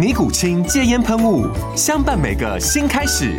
尼古清戒煙噴霧，相伴每個新開始。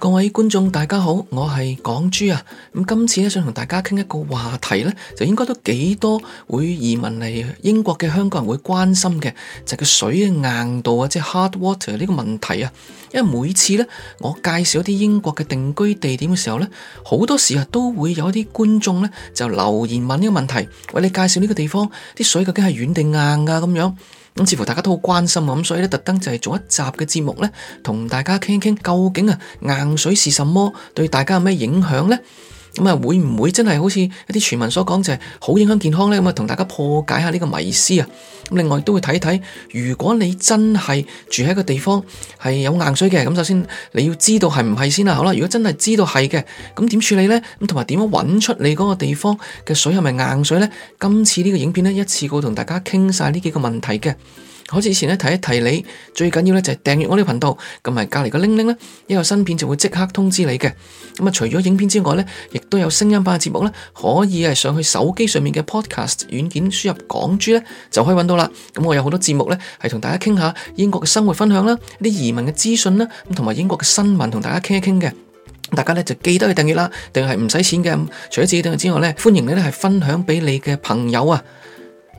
各位觀眾，大家好，我係港珠啊。咁今次咧想同大家傾一個話題咧，就應該都幾多會移民嚟英國嘅香港人會關心嘅，就個水嘅硬度啊，即係 hard water 呢個問題啊。因為每次咧我介紹一啲英國嘅定居地點嘅時候咧，好多時候都會有一啲觀眾咧就留言問呢個問題，喂，你介紹呢個地方啲水究竟係軟定硬噶？咁樣。咁似乎大家都好關心咁，所以咧特登就係做一集嘅節目咧，同大家傾傾究竟啊硬水是什麼，對大家有咩影響咧？咁啊，會唔會真係好似一啲傳聞所講，就係好影響健康呢？咁啊，同大家破解下呢個迷思啊！咁另外都會睇睇，如果你真係住喺個地方係有硬水嘅，咁首先你要知道係唔係先啦。好啦，如果真係知道係嘅，咁點處理呢？咁同埋點樣揾出你嗰個地方嘅水係咪硬水呢？今次呢個影片呢，一次過同大家傾晒呢幾個問題嘅。好，似以前咧，提一提你，最緊要咧就係訂閱我呢個頻道，咁咪隔籬個鈴鈴咧，一個新片就會即刻通知你嘅。咁啊，除咗影片之外呢，亦都有聲音版嘅節目呢，可以係上去手機上面嘅 Podcast 軟件輸入港珠呢，就可以揾到啦。咁我有好多節目呢，係同大家傾下英國嘅生活分享啦，啲移民嘅資訊啦，同埋英國嘅新聞同大家傾一傾嘅。大家呢，就記得去訂閱啦，定係唔使錢嘅。除咗自己訂閱之外呢，歡迎你呢，係分享俾你嘅朋友啊。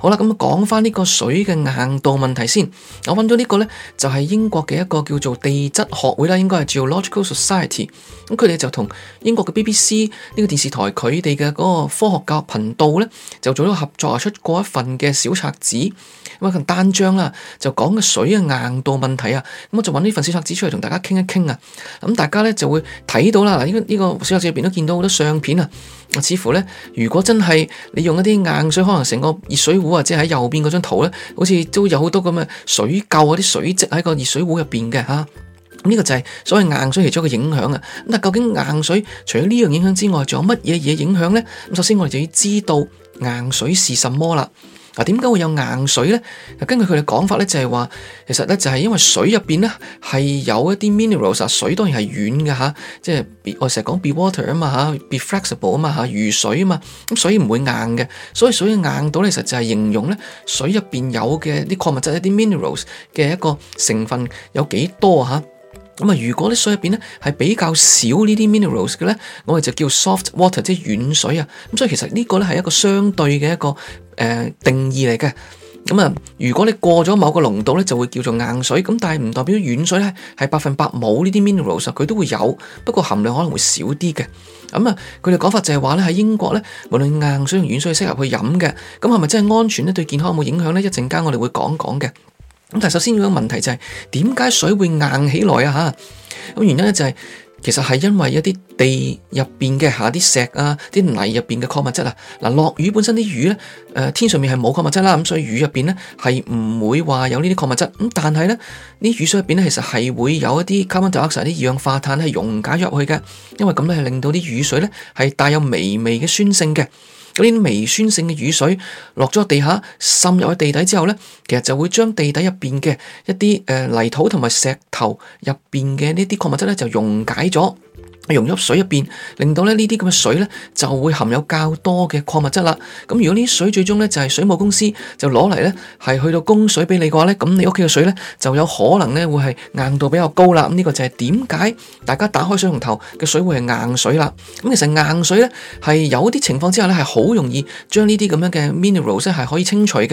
好啦，咁講翻呢個水嘅硬度問題先。我揾到呢個呢，就係英國嘅一個叫做地質學會啦，應該係 Geological Society。咁佢哋就同英國嘅 BBC 呢個電視台，佢哋嘅嗰個科學教育頻道呢，就做咗合作，出過一份嘅小冊子，一份單張啦，就講嘅水嘅硬度問題啊。咁我就揾呢份小冊子出嚟同大家傾一傾啊。咁大家呢，就會睇到啦。嗱，呢個呢個小冊子入邊都見到好多相片啊。似乎呢，如果真係你用一啲硬水，可能成個熱水壺或者喺右邊嗰張圖呢，好似都有好多咁嘅水垢啊，啲水漬喺個熱水壺入邊嘅吓。呢個就係所謂硬水其中一個影響啊。咁但究竟硬水除咗呢樣影響之外，仲有乜嘢嘢影響呢？咁首先我哋就要知道硬水是什麼啦。嗱，點解會有硬水咧？根據佢哋講法咧，就係話，其實咧就係因為水入邊咧係有一啲 minerals，水當然係軟嘅吓，即係我成日講 be water 啊嘛吓，be flexible 啊嘛吓，如水啊嘛，咁所以唔會硬嘅，所以水硬到咧，其實就係形容咧水入邊有嘅啲礦物質一啲 minerals 嘅一個成分有幾多吓。咁啊，如果啲水入邊咧係比較少呢啲 minerals 嘅，咧我哋就叫 soft water，即係軟水啊。咁所以其實呢個咧係一個相對嘅一個誒、呃、定義嚟嘅。咁啊，如果你過咗某個濃度咧，就會叫做硬水。咁但係唔代表軟水咧係百分百冇呢啲 minerals，佢都會有，不過含量可能會少啲嘅。咁啊，佢哋講法就係話咧喺英國咧，無論硬水同軟水適合去飲嘅。咁係咪真係安全咧？對健康有冇影響咧？一陣間我哋會講講嘅。咁但係首先有個問題就係點解水會硬起來啊？嚇咁原因咧就係、是、其實係因為一啲地入邊嘅下啲石啊、啲泥入邊嘅礦物質啊，嗱落雨本身啲雨咧，誒、呃、天上面係冇礦物質啦、啊，咁所以雨入邊咧係唔會話有呢啲礦物質。咁但係咧，啲雨水入邊咧其實係會有一啲 carbon dioxide 啲二氧化碳係溶解咗入去嘅，因為咁咧係令到啲雨水咧係帶有微微嘅酸性嘅。.嗰啲微酸性嘅雨水落咗地下，滲入去地底之後咧，其實就會將地底入邊嘅一啲誒泥土同埋石頭入邊嘅呢啲礦物質咧，就溶解咗。溶入水入面，令到咧呢啲咁嘅水呢就會含有較多嘅礦物質啦。咁如果呢啲水最終呢就係、是、水務公司就攞嚟呢係去到供水俾你嘅話呢，咁你屋企嘅水呢就有可能呢會係硬度比較高啦。咁呢個就係點解大家打開水龍頭嘅水會係硬水啦。咁其實硬水呢係有啲情況之下呢係好容易將、er、呢啲咁樣嘅 minerals 咧係可以清除嘅，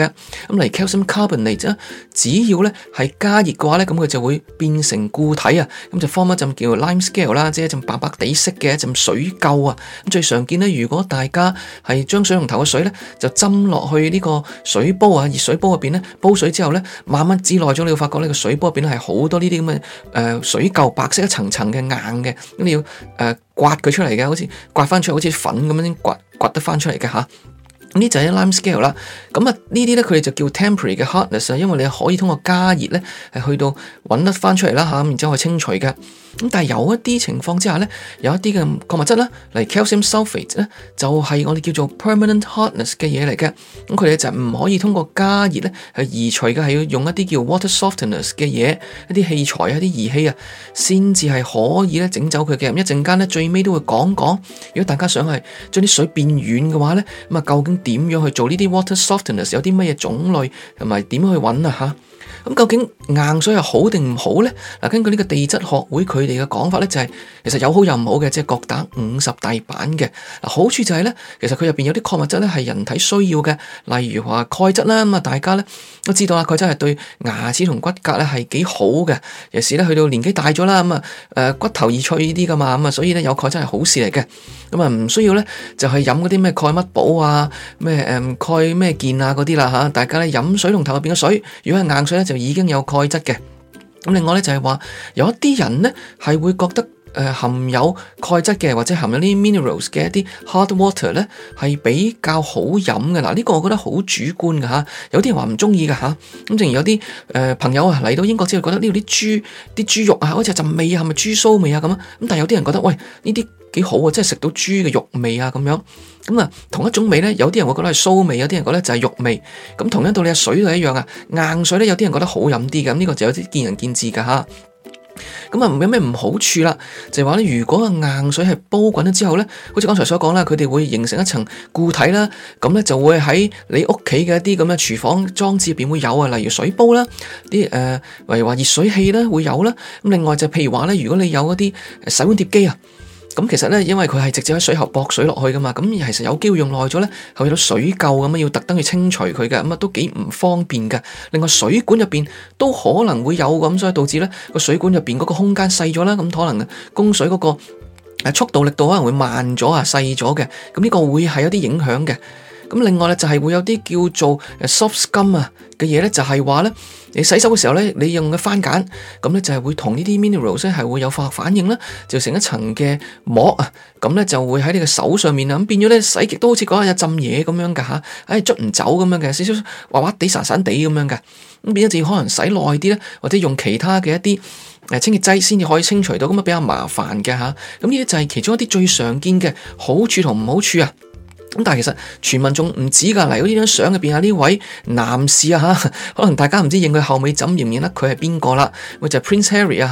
咁嚟 calcium carbonate 啫。只要呢係加熱嘅話呢，咁佢就會變成固體啊，咁就 form 一陣叫 lime scale 啦，即係一陣白白，白色嘅一浸水垢啊，咁最常見呢，如果大家係將水龍頭嘅水呢，就浸落去呢個水煲啊，熱水煲入邊呢，煲水之後呢，慢慢煎耐咗，你會發覺呢個水煲入邊咧係好多呢啲咁嘅誒水垢，白色一層層嘅硬嘅，咁你要誒刮佢出嚟嘅，好似刮翻出嚟，好似粉咁樣先刮刮得翻出嚟嘅吓。咁呢就係 lime scale 啦。咁啊呢啲咧佢哋就叫 temporary 嘅 hardness 啊，因為你可以通過加熱咧係去到揾得翻出嚟啦吓，咁然之後去清除嘅。咁但係有一啲情況之下咧，有一啲嘅礦物質啦，嚟 calcium sulphate 咧就係我哋叫做 permanent hardness 嘅嘢嚟嘅。咁佢哋就唔可以通過加熱咧係移除嘅，係要用一啲叫 water softness 嘅嘢一啲器材、一啲儀器啊先至係可以咧整走佢嘅。咁一陣間咧最尾都會講講，如果大家想係將啲水變軟嘅話咧，咁啊究竟，點樣去做呢啲 water softness？有啲乜嘢種類同埋點樣去搵啊？吓。咁究竟硬水又好定唔好呢？嗱，根據呢個地質學會佢哋嘅講法呢、就係，就係其實有好有唔好嘅，即係各打五十大板嘅。嗱，好處就係、係、呢，其實佢入邊有啲礦物質呢，係人體需要嘅，例如話鈣質啦。咁啊，大家咧都知道啊，鈣質係對牙齒同骨骼咧係幾好嘅。尤其是咧去到年紀大咗啦，咁啊誒骨頭易脆呢啲噶嘛，咁啊所以呢，有鈣質係好事嚟嘅。咁啊唔需要呢，就係飲嗰啲咩鈣乜寶啊咩誒鈣咩健啊嗰啲啦嚇。大家呢，飲水龍頭入邊嘅水，如果係硬水呢。就。已經有鈣質嘅，咁另外咧就係話有一啲人咧係會覺得誒、呃、含有鈣質嘅或者含有啲 minerals 嘅一啲 hard water 咧係比較好飲㗎嗱，呢、這個我覺得好主觀㗎吓、啊，有啲人話唔中意㗎吓，咁、啊、正如有啲誒、呃、朋友啊嚟到英國之後覺得呢度啲豬啲豬肉啊好似有陣味啊，係咪豬騷味啊咁啊，咁但係有啲人覺得喂呢啲幾好啊！即係食到豬嘅肉味啊，咁樣咁啊，同一種味咧，有啲人會覺得係臊味，有啲人覺得就係肉味。咁同一道理你水都係一樣啊。硬水咧，有啲人覺得好飲啲㗎，呢個就有啲見仁見智噶吓。咁啊，有咩唔好處啦？就係話咧，如果係硬水係煲滾咗之後咧，好似剛才所講啦，佢哋會形成一層固體啦，咁咧就會喺你屋企嘅一啲咁嘅廚房裝置入邊會有啊，例如水煲啦，啲誒，例如話熱水器啦會有啦。咁另外就譬如話咧，如果你有一啲洗碗碟機啊。咁其實咧，因為佢係直接喺水喉駁水落去噶嘛，咁其實有機會用耐咗咧，後面水垢咁啊，要特登去清除佢嘅，咁啊都幾唔方便嘅。另外，水管入邊都可能會有咁，所以導致咧個水管入邊嗰個空間細咗啦，咁可能供水嗰個誒速度力度可能會慢咗啊，細咗嘅，咁呢個會係有啲影響嘅。咁另外咧就係會有啲叫做 soap scum 啊嘅嘢咧，就係話呢，你洗手嘅時候呢，你用嘅番梘咁呢，就係會同呢啲 mineral 呢係會有化學反應啦，就成一層嘅膜啊，咁呢，就會喺你嘅手上面啊，咁變咗呢，洗極都好似嗰日有浸嘢咁樣噶嚇，唉捽唔走咁樣嘅，少少滑滑地、散散地咁樣嘅，咁變咗自然可能洗耐啲咧，或者用其他嘅一啲清潔劑先至可以清除到，咁啊比較麻煩嘅吓。咁呢啲就係其中一啲最常見嘅好處同唔好處啊。但其實傳聞仲唔止㗎，嚟到呢張相入邊啊，呢位男士啊嚇，可能大家唔知影佢後尾枕認唔認得佢係邊個啦，咪、啊、就係、是、Prince Harry 啊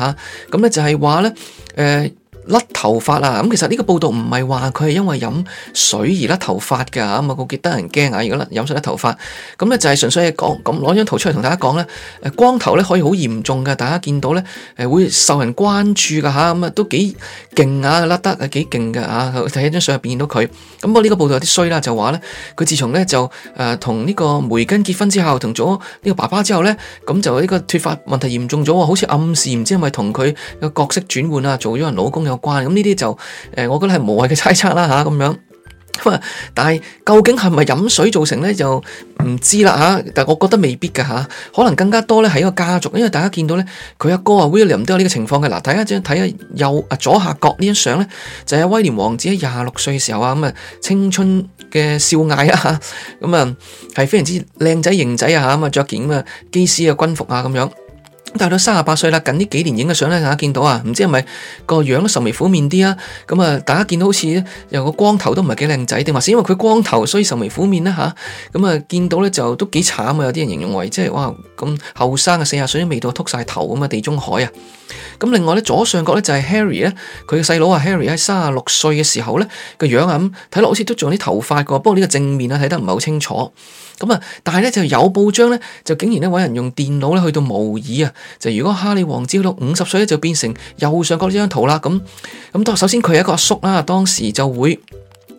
嚇，咁、嗯、咧就係話咧誒。呃甩頭髮啊！咁其實呢個報道唔係話佢係因為飲水而甩頭髮㗎嚇，咁啊好幾得人驚啊！如果飲水甩頭髮，咁咧就係純粹係講咁攞張圖出嚟同大家講咧，光頭咧可以好嚴重㗎，大家見到咧誒會受人關注㗎吓。咁啊都幾勁啊甩得啊幾勁㗎嚇，睇一張相入邊見到佢。咁不過呢個報道有啲衰啦，就話咧佢自從咧就誒同呢個梅根結婚之後，同咗呢個爸爸之後咧，咁就呢個脫髮問題嚴重咗喎，好似暗示唔知係咪同佢個角色轉換啊，做咗人老公關咁呢啲就誒，我覺得係無謂嘅猜測啦吓，咁、啊、樣咁啊。但係究竟係咪飲水造成咧就唔知啦吓，但係我覺得未必噶吓、啊，可能更加多咧係一個家族，因為大家見到咧佢阿哥啊 William 都有呢個情況嘅。嗱、啊，睇下即睇下右啊左下角呢張相咧，就係、是、威廉王子喺廿六歲嘅時候啊，咁啊青春嘅少艾啊吓，咁啊係非常之靚仔型仔啊吓，咁啊着件啊機師嘅軍服啊咁樣。大到三十八歲啦，近呢幾年影嘅相咧，大家見到啊，唔知係咪個樣都愁眉苦面啲啊？咁啊，大家見到好似又個光頭都唔係幾靚仔，定話是因為佢光頭所以愁眉苦面咧吓？咁啊，見到咧就都幾慘啊，有啲人形容為即係哇咁後生啊，四十歲都未到禿晒頭咁啊，地中海啊。咁另外咧，左上角咧就係 Harry 咧，佢嘅細佬啊 Harry 喺三十六歲嘅時候咧個樣啊，咁睇落好似都仲有啲頭髮嘅，不過呢個正面啊，睇得唔係好清楚。咁啊，但係咧就有報章咧，就竟然咧揾人用電腦咧去到模擬啊，就如果哈利王子到五十歲咧，就變成右上角呢張圖啦。咁咁，當首先佢係一個叔啦，當時就會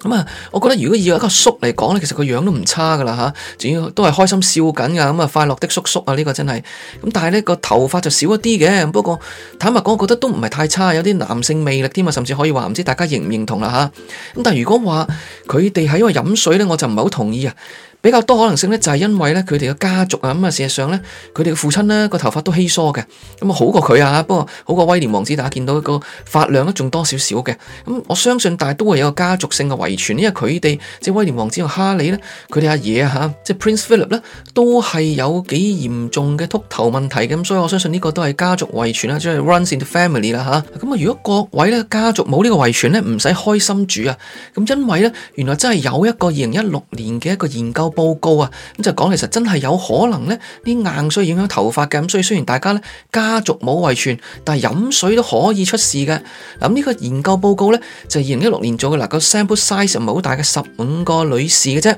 咁啊，我覺得如果以一個叔嚟講咧，其實個樣都唔差噶啦吓，仲要都係開心笑緊噶，咁啊快樂的叔叔啊，呢、這個真係咁。但係咧個頭髮就少一啲嘅，不過坦白講，我覺得都唔係太差，有啲男性魅力添啊，甚至可以話唔知大家認唔認同啦吓。咁但係如果話佢哋係因為飲水咧，我就唔係好同意啊。比較多可能性呢，就係因為呢，佢哋嘅家族啊，咁啊事實上呢，佢哋嘅父親呢，個頭髮都稀疏嘅，咁啊好過佢啊，不過好過威廉王子大家見到一個發量呢仲多少少嘅，咁我相信大都係有個家族性嘅遺傳，因為佢哋即係威廉王子同哈利呢，佢哋阿爺啊吓，即係 Prince Philip 呢，都係有幾嚴重嘅禿頭問題咁，所以我相信呢個都係家族遺傳啦，即係 runs in the family 啦吓，咁啊如果各位呢，家族冇呢個遺傳呢，唔使開心住啊，咁因為呢，原來真係有一個二零一六年嘅一個研究。報告啊，咁就講，其實真係有可能呢啲硬水影響頭髮嘅，咁所以雖然大家呢家族冇遺傳，但係飲水都可以出事嘅。嗱、啊，呢、這個研究報告呢，就係二零一六年做嘅，嗱個 sample size 唔係好大嘅，十五個女士嘅啫。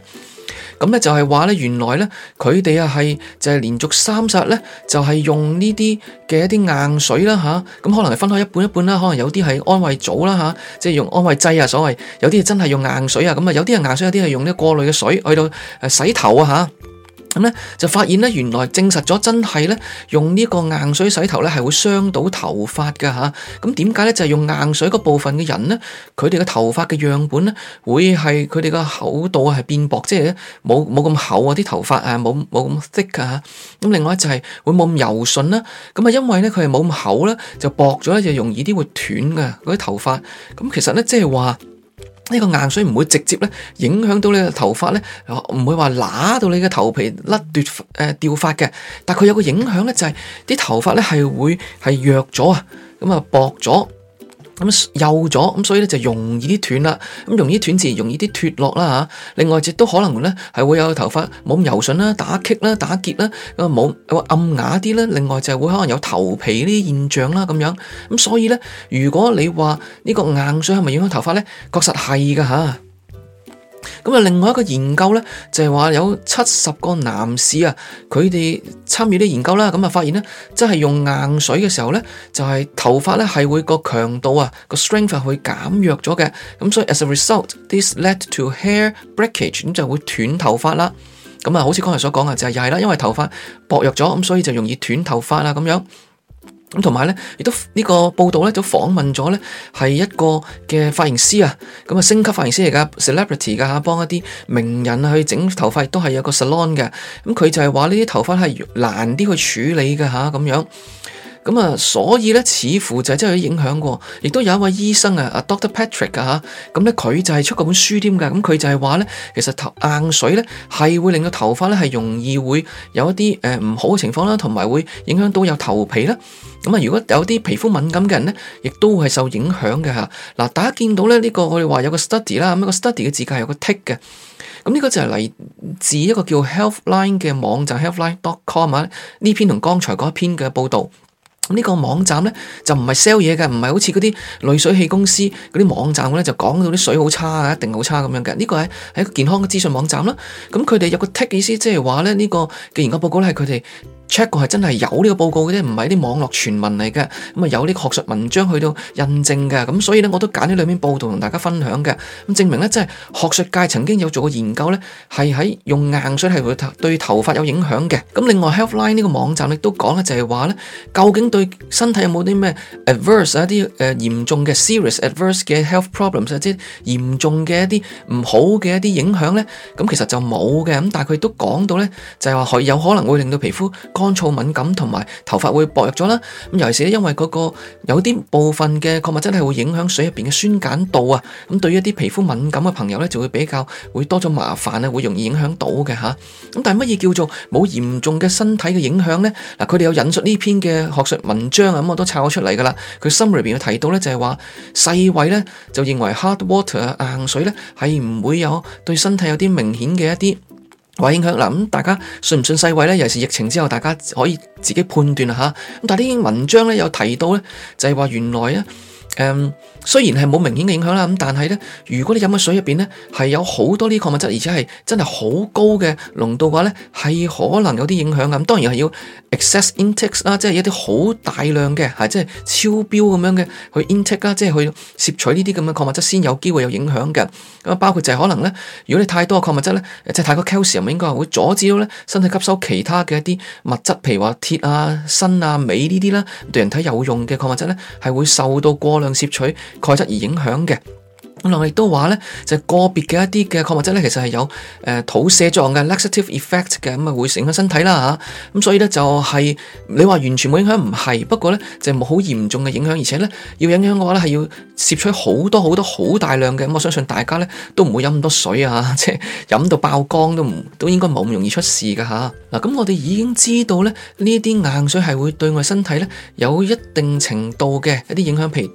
咁咧就係話咧，原來咧佢哋啊係就係連續三十日咧，就係用呢啲嘅一啲硬水啦吓，咁、啊、可能係分開一半一半啦，可能有啲係安慰組啦吓、啊，即係用安慰劑啊，所謂有啲係真係用硬水啊，咁啊有啲係硬水，有啲係用啲過濾嘅水去到誒洗頭啊吓。咁咧就發現咧，原來證實咗真係咧，用呢個硬水洗頭咧，係會傷到頭髮噶嚇。咁點解咧？就係、是、用硬水嗰部分嘅人咧，佢哋嘅頭髮嘅樣本咧，會係佢哋嘅厚度係變薄，即係冇冇咁厚啊啲頭髮啊，冇冇咁 thick 啊。咁另外就係會冇咁柔順啦。咁啊，因為咧佢係冇咁厚啦，就薄咗咧，就容易啲會斷噶嗰啲頭髮。咁其實咧，即係話。呢個硬水唔會直接影響到你嘅頭髮咧，唔會話揦到你嘅頭皮甩掉髮嘅，但係佢有個影響咧，就係啲頭髮咧係弱咗啊，咁薄咗。咁幼咗，咁所以咧就容易啲斷啦，咁容易啲斷自然容易啲脫落啦。另外亦都可能呢係會有頭髮冇咁柔順啦，打激啦，打結啦，咁冇暗啞啲咧。另外就係會可能有頭皮呢啲現象啦咁樣。咁所以呢，如果你話呢個硬水係咪影響頭髮呢？確實係噶吓。咁啊，另外一個研究呢，就係話有七十個男士啊，佢哋參與啲研究啦，咁啊發現呢，即係用硬水嘅時候呢，就係頭髮呢係會個強度啊個 strength 會減弱咗嘅，咁所以 as a result，this led to hair breakage，咁就係會斷頭髮啦。咁啊，好似剛才所講嘅，就係又係啦，因為頭髮薄弱咗，咁所以就容易斷頭髮啦咁樣。同埋咧，亦都呢、呢個報道咧，就訪問咗咧，係一個嘅髮型師啊，咁啊星級髮型師嚟噶，celebrity 噶，幫一啲名人去整頭髮都係有個 salon 嘅。咁、嗯、佢就係話呢啲頭髮係難啲去處理嘅嚇咁樣。咁啊，所以咧，似乎就係真係有影響嘅。亦都有一位醫生啊，Doctor Patrick 啊，吓、嗯，咁咧佢就係出嗰本書添噶。咁、嗯、佢就係話咧，其實頭硬水咧係會令到頭髮咧係容易會有一啲誒唔好嘅情況啦，同埋會影響到有頭皮啦。咁啊，如果有啲皮膚敏感嘅人咧，亦都係受影響嘅吓。嗱、啊，大家見到咧呢、呢個我哋話有個 study 啦、啊，咁個 study 嘅字格係有個 tick 嘅。咁、啊、呢、呢個就係嚟自一個叫 Healthline 嘅網站 healthline.com 啊。呢篇同剛才嗰一篇嘅報道。呢個網站咧就唔係 sell 嘢嘅，唔係好似嗰啲濾水器公司嗰啲網站咧就講到啲水好差啊，一定好差咁樣嘅。呢個係一個健康嘅資訊網站啦。咁佢哋有個 tag 嘅意思，即係話咧呢個嘅研究報告咧係佢哋，check 過係真係有呢個報告嘅啫，唔係啲網絡傳聞嚟嘅。咁啊有啲學術文章去到印證嘅，咁所以咧我都揀呢兩篇報道同大家分享嘅。咁證明咧，即係學術界曾經有做過研究咧，係喺用硬水係會對頭髮有影響嘅。咁另外 Healthline 呢個網站亦都講咧，就係話咧，究竟對身體有冇啲咩 adverse 一啲誒嚴重嘅 serious adverse 嘅 health problems，或者嚴重嘅一啲唔好嘅一啲影響咧？咁其實就冇嘅。咁但係佢都講到咧，就係話佢有可能會令到皮膚。乾燥敏感同埋頭髮會薄弱咗啦，咁尤其是因為嗰個有啲部分嘅礦物質係會影響水入邊嘅酸鹼度啊，咁對於一啲皮膚敏感嘅朋友咧，就會比較會多咗麻煩啊，會容易影響到嘅吓，咁但係乜嘢叫做冇嚴重嘅身體嘅影響咧？嗱，佢哋有引述呢篇嘅學術文章啊，咁我都抄咗出嚟噶啦。佢心裏邊有提到咧，就係話世衛咧就認為 hard water 硬水咧係唔會有對身體有啲明顯嘅一啲。話影響嗱，咁大家信唔信世衛咧？尤其是疫情之後，大家可以自己判斷啦，吓。咁但係呢篇文章咧有提到咧，就係話原來啊。Um, 雖然係冇明顯嘅影響啦，咁但係咧，如果你飲嘅水入邊咧係有好多啲礦物質，而且係真係好高嘅濃度嘅話咧，係可能有啲影響噶。咁當然係要 excess intake 啦，即係一啲好大量嘅，係即係超標咁樣嘅去 intake 啦，即係去攝取呢啲咁嘅礦物質先有機會有影響嘅。咁啊，包括就係可能咧，如果你太多嘅礦物質咧，即係太過 calcium，應該係會阻止到咧身體吸收其他嘅一啲物質，譬如話鐵啊、鋅啊、鎂呢啲啦，對人體有用嘅礦物質咧係會受到過量攝取鈣質而影響嘅咁我亦都話咧，就係、個別嘅一啲嘅礦物質咧，其實係有誒、呃、肚瀉狀嘅 laxative effect） 嘅咁啊，會影響身體啦吓。咁、嗯、所以咧就係、係、你話完全冇影響唔係，不過咧就冇好嚴重嘅影響，而且咧要影響嘅話咧係要攝取好多好多好大量嘅。咁、嗯、我相信大家咧都唔會飲咁多水啊，即係飲到爆缸都唔都應該冇咁容易出事噶吓。嗱、啊，咁、嗯、我哋已經知道咧呢啲硬水係會對我哋身體咧有一定程度嘅一啲影響，譬如。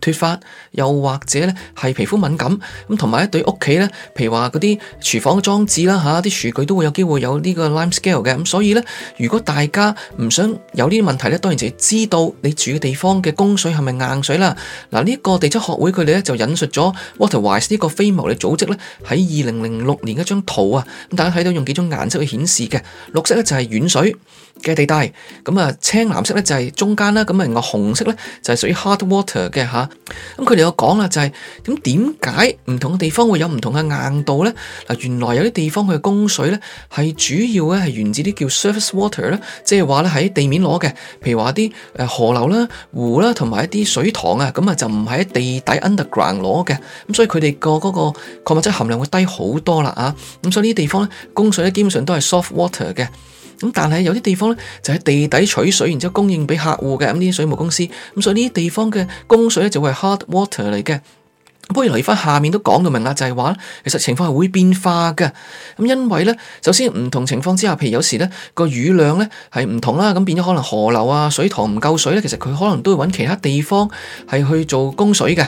脫髮，又或者咧係皮膚敏感，咁同埋一對屋企咧，譬如話嗰啲廚房嘅裝置啦，吓，啲廚具都會有機會有呢個 lime scale 嘅，咁所以呢，如果大家唔想有呢啲問題咧，當然就係知道你住嘅地方嘅供水係咪硬水啦。嗱，呢個地質學會佢哋咧就引述咗 Waterwise 呢個非牟利組織咧喺二零零六年一張圖啊，咁大家睇到用幾種顏色去顯示嘅，綠色呢就係軟水。嘅地帶，咁啊青藍色咧就係中間啦，咁啊個紅色咧就係屬於 hard water 嘅吓。咁佢哋有講啦、就係，就係點點解唔同嘅地方會有唔同嘅硬度咧？嗱，原來有啲地方佢嘅供水咧係主要咧係源自啲叫 surface water 咧，即係話咧喺地面攞嘅，譬如話啲誒河流啦、湖啦同埋一啲水塘啊，咁啊就唔喺地底 underground 攞嘅，咁所以佢哋個嗰個礦物質含量會低好多啦啊！咁所以呢啲地方咧供水咧基本上都係 soft water 嘅。咁但係有啲地方咧就喺地底取水，然之後供應俾客戶嘅，咁呢啲水務公司，咁、嗯、所以呢啲地方嘅供水咧就會係 hard water 嚟嘅。不如嚟翻下面都講到明啦，就係話咧，其實情況係會變化嘅。咁、嗯、因為咧，首先唔同情況之下，譬如有時咧個雨量咧係唔同啦，咁變咗可能河流啊、水塘唔夠水咧，其實佢可能都會揾其他地方係去做供水嘅。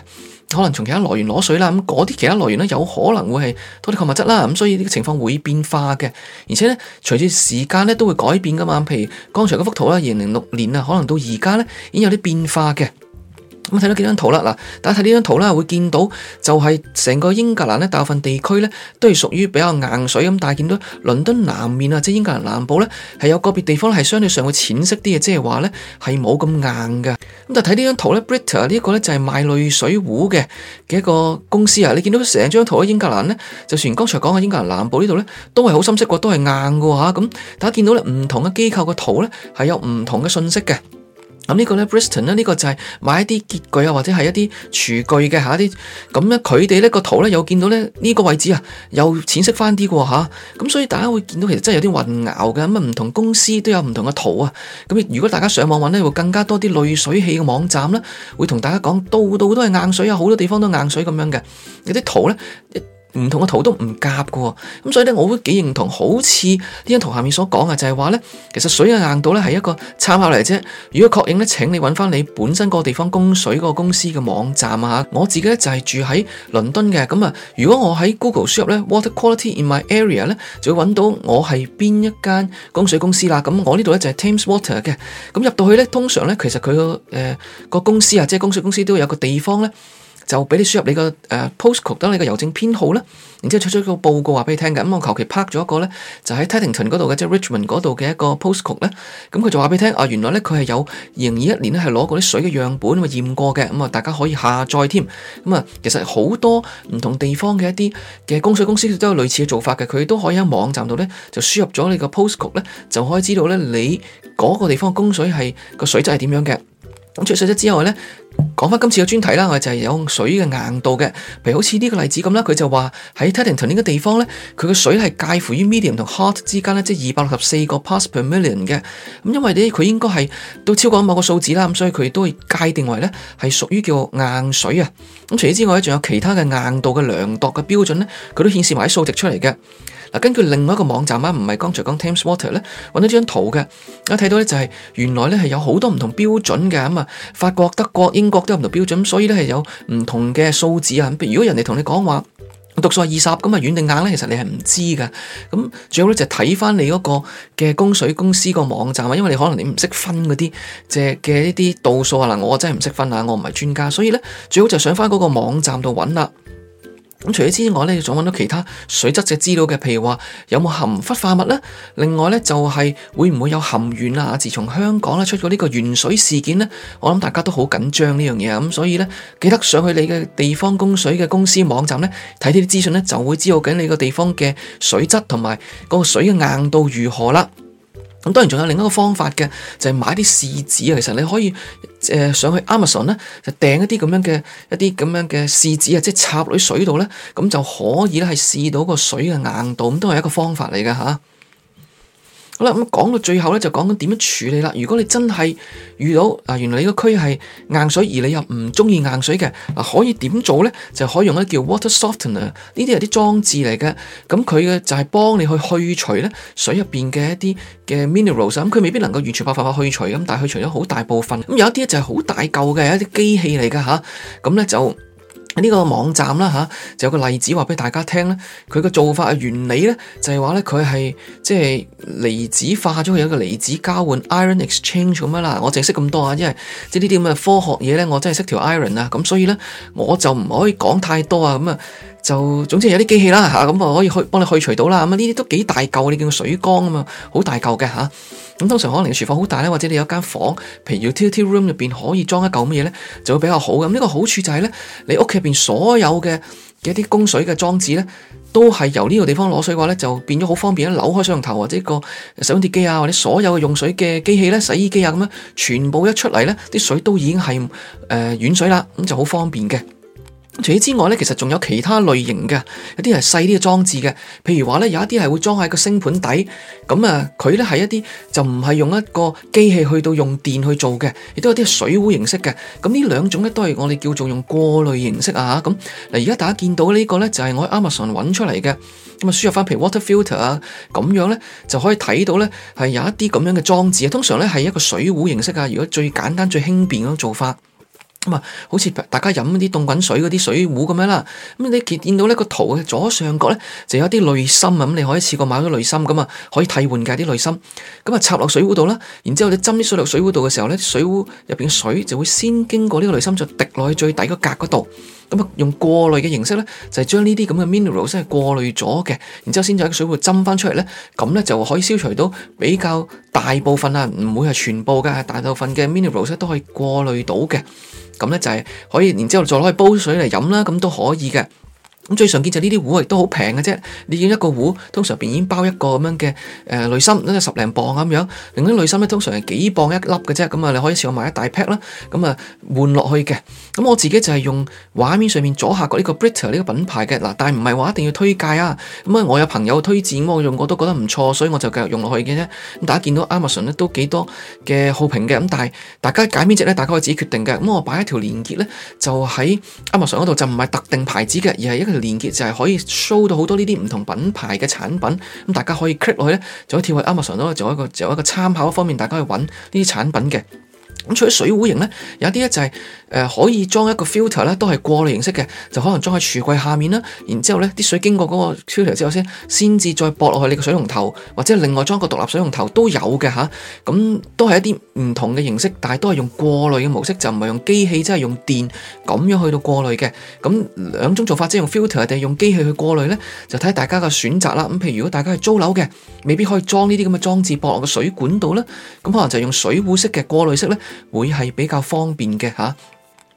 可能從其他來源攞水啦，咁嗰啲其他來源咧有可能會係多啲礦物質啦，咁所以呢個情況會變化嘅，而且咧隨住時間咧都會改變噶嘛。譬如剛才嗰幅圖啦，二零零六年啊，可能到而家咧已經有啲變化嘅。咁睇到幾張圖啦，嗱，大家睇呢張圖咧，會見到就係成個英格蘭咧大部分地區咧都係屬於比較硬水，咁但係見到倫敦南面啊，即係英格蘭南部咧係有個別地方係相對上會淺色啲嘅，即係話呢係冇咁硬㗎。咁但係睇呢張圖呢 Brita 呢個呢就係賣濾水壺嘅嘅一個公司啊，你見到成張圖喺英格蘭呢，就算剛才講嘅英格蘭南部呢度呢，都係好深色過，都係硬㗎吓，咁大家見到呢唔同嘅機構嘅圖呢，係有唔同嘅信息嘅。咁呢個咧 Briston 咧，呢個就係買一啲潔具啊，或者係一啲廚具嘅嚇啲，咁咧佢哋呢個圖咧又見到咧呢個位置啊，又淺色翻啲嘅嚇，咁所以大家會見到其實真係有啲混淆嘅，咁啊唔同公司都有唔同嘅圖啊，咁如果大家上網揾咧，會更加多啲濾水器嘅網站啦，會同大家講，度度都係硬水啊，好多地方都硬水咁樣嘅，有啲圖咧。唔同嘅圖都唔夾嘅喎，咁所以咧我都幾認同，好似呢張圖下面所講嘅，就係話呢，其實水嘅硬度呢係一個參考嚟啫。如果確認呢，請你揾翻你本身個地方供水個公司嘅網站啊。我自己呢就係、是、住喺倫敦嘅，咁、嗯、啊，如果我喺 Google 輸入呢 Water Quality in my area 呢，就會揾到我係邊一間供水公司啦。咁、嗯、我呢度呢就係、是、Thames Water 嘅。咁入到去呢，通常呢，其實佢嘅誒個公司啊，即係供水公司都有個地方呢。就俾你輸入你個誒 postcode，得你個郵政編號啦，然之後出咗個報告話畀你聽嘅。咁我求其拍咗一個呢，就喺 Teddington 嗰度嘅，即 Richmond 嗰度嘅一個 postcode 咧。咁佢就話畀你聽啊，原來咧佢係有二零二一年咧，係攞過啲水嘅樣本咁啊驗過嘅。咁啊大家可以下載添。咁啊其實好多唔同地方嘅一啲嘅供水公司都有類似嘅做法嘅，佢都可以喺網站度咧就輸入咗你個 postcode 咧，就可以知道咧你嗰個地方供水係個水質係點樣嘅。咁除咗水質之外咧，講翻今次嘅專題啦，我哋就係、是、有水嘅硬度嘅，譬如好似呢個例子咁啦，佢就話喺 Teddington 呢個地方咧，佢嘅水係介乎於 medium 同 hot 之間咧，即係二百六十四個 parts per million 嘅。咁因為咧，佢應該係都超過某個數字啦，咁所以佢都會界定為咧係屬於叫硬水啊。咁、嗯、除此之外咧，仲有其他嘅硬度嘅量度嘅標準咧，佢都顯示埋啲數值出嚟嘅。根據另外一個網站啊，唔係剛才講 Thames Water 呢揾到張圖嘅，我睇到呢就係原來呢係有好多唔同標準嘅咁啊，法國、德國、英國都有唔同標準，所以呢係有唔同嘅數字啊。如，如果人哋同你講話，讀數係二十咁啊，軟定硬呢？其實你係唔知嘅。咁最好呢就睇翻你嗰個嘅供水公司個網站啊，因為你可能你唔識分嗰啲嘅嘅呢啲度數啊，嗱，我真係唔識分啊，我唔係專家，所以呢，最好就上翻嗰個網站度揾啦。咁除咗之外呢，仲揾到其他水質嘅資料嘅，譬如話有冇含氟化物呢？另外呢，就係會唔會有含鉛啊？自從香港出過呢個鉛水事件呢，我諗大家都好緊張呢樣嘢。咁所以呢，記得上去你嘅地方供水嘅公司網站咧，睇啲資訊呢，就會知道緊你個地方嘅水質同埋個水嘅硬度如何啦。咁當然仲有另一個方法嘅，就係、是、買啲試紙啊。其實你可以誒、呃、上去 Amazon 咧，就訂一啲咁樣嘅一啲咁樣嘅試紙啊，即係插落啲水度咧，咁就可以咧係試到個水嘅硬度，咁都係一個方法嚟嘅吓。好啦，咁講到最後咧，就講緊點樣處理啦。如果你真係遇到啊，原來你個區係硬水，而你又唔中意硬水嘅，可以點做咧？就可以用一叫 water softener，呢啲係啲裝置嚟嘅。咁佢嘅就係、是、幫你去去除咧水入邊嘅一啲嘅 minerals。咁佢未必能夠完全百分百去除，咁但係去除咗好大部分。咁、嗯、有一啲就係好大嚿嘅，一啲機器嚟嘅吓。咁、啊、咧就。呢個網站啦嚇、啊，就有個例子話俾大家聽咧，佢個做法嘅原理咧就係話咧佢係即係離子化咗有個離子交換 iron exchange 咁啦，我淨係識咁多啊，因為即係呢啲咁嘅科學嘢咧，我真係識條 iron 啊，咁所以咧我就唔可以講太多啊，咁啊就總之有啲機器啦嚇，咁啊可以去幫你去除到啦，咁啊呢啲都幾大嚿，你見個水缸啊嘛，好大嚿嘅嚇。咁通常可能個廚房好大咧，或者你有一間房，譬如 utility room 入邊可以裝一嚿乜嘢咧，就會比較好嘅。咁、這、呢個好處就係、是、咧，你屋企入邊所有嘅嘅一啲供水嘅裝置咧，都係由呢個地方攞水嘅話咧，就變咗好方便咧。扭開水龍頭或者個洗碗碟機啊，或者所有嘅用水嘅機器咧，洗衣機啊咁樣，全部一出嚟咧，啲水都已經係誒軟水啦，咁就好方便嘅。除此之外咧，其實仲有其他類型嘅，有啲係細啲嘅裝置嘅，譬如話咧，有一啲係會裝喺個星盤底，咁啊，佢咧係一啲就唔係用一個機器去到用電去做嘅，亦都有啲係水壺形式嘅，咁呢兩種咧都係我哋叫做用過濾形式啊咁。嗱，而家大家見到呢個咧就係我喺 Amazon 揾出嚟嘅，咁啊輸入翻譬如 water filter 啊，咁樣咧就可以睇到咧係有一啲咁樣嘅裝置，通常咧係一個水壺形式啊，如果最簡單最輕便咁樣做法。咁啊、嗯，好似大家飲啲凍滾水嗰啲水壺咁樣啦，咁、嗯、你見到呢個圖嘅左上角呢，就有啲濾芯啊，咁、嗯、你可以試過買咗濾芯咁啊，可以替換嘅啲濾芯，咁、嗯、啊插落水壺度啦，然之後你斟啲水落水壺度嘅時候，呢水壺入邊嘅水就會先經過呢個濾芯，就滴落去最底個格嗰度。用過濾嘅形式咧，就係、是、將呢啲咁嘅 minerals 咧過濾咗嘅，然之後先再喺水壺斟翻出嚟咧，咁咧就可以消除到比較大部分啊，唔會係全部嘅，大部分嘅 minerals 都可以過濾到嘅，咁咧就係可以，然之後再攞去煲水嚟飲啦，咁都可以嘅。最常見就係呢啲壺，亦都好平嘅啫。你要一個壺，通常入邊已經包一個咁樣嘅誒濾芯，十零磅咁樣。另外濾芯咧，通常係幾磅一粒嘅啫。咁啊，你可以試下買一大 pack 啦。咁啊，換落去嘅。咁我自己就係用畫面上面左下角呢個 Brita 呢個品牌嘅嗱，但係唔係話一定要推介啊。咁啊，我有朋友推薦，我用過都覺得唔錯，所以我就繼續用落去嘅啫。咁大家見到 Amazon 咧都幾多嘅好評嘅，咁但係大家揀邊隻咧，大家可以自己決定嘅。咁我擺一條連結咧，就喺 Amazon 嗰度，就唔係特定牌子嘅，而係一個。連結就係可以 show 到好多呢啲唔同品牌嘅產品，咁大家可以 click 落去咧，就可以跳去 Amazon 度，做一個做一個參考方面，大家去揾呢啲產品嘅。咁除咗水壺型呢，有啲呢就係呃，可以裝一個 filter 呢，都係過濾形式嘅，就可能裝喺櫥櫃下面啦。然之後呢啲水經過嗰個 filter 之後先，先至再駁落去你個水龍頭，或者另外裝個獨立水龍頭都有嘅吓，咁都係一啲唔同嘅形式，但係都係用過濾嘅模式，就唔係用機器，即係用電咁樣去到過濾嘅。咁兩種做法，即係用 filter 定係用機器去過濾呢？就睇下大家嘅選擇啦。咁譬如如果大家係租樓嘅，未必可以裝呢啲咁嘅裝置駁落個水管度啦。咁可能就用水壺式嘅過濾式呢。會係比較方便嘅吓，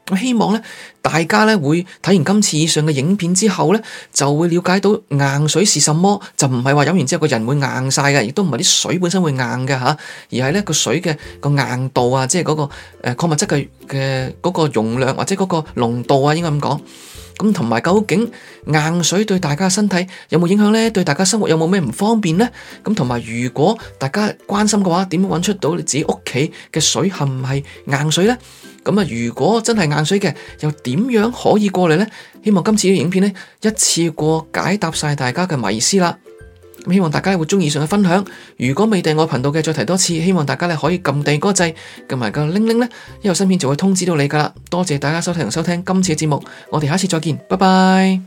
咁、啊、希望咧大家咧會睇完今次以上嘅影片之後咧，就會了解到硬水是什麼，就唔係話飲完之後個人會硬晒嘅，亦都唔係啲水本身會硬嘅吓、啊，而係咧個水嘅個硬度啊，即係嗰、嗰個誒礦、呃、物質嘅嘅，嗰個容量或者嗰個濃度啊，應該咁講。咁同埋，究竟硬水對大家身體有冇影響咧？對大家生活有冇咩唔方便咧？咁同埋，如果大家關心嘅話，點樣揾出到你自己屋企嘅水係唔係硬水咧？咁啊，如果真係硬水嘅，又點樣可以過濾咧？希望今次啲影片咧，一次過解答晒大家嘅迷思啦。希望大家會中意上嘅分享。如果未訂我頻道嘅，再提多次。希望大家咧可以撳訂閱嗰個掣，撳埋個鈴鈴咧，一有新片就會通知到你噶啦。多謝大家收睇同收聽今次嘅節目，我哋下次再見，拜拜。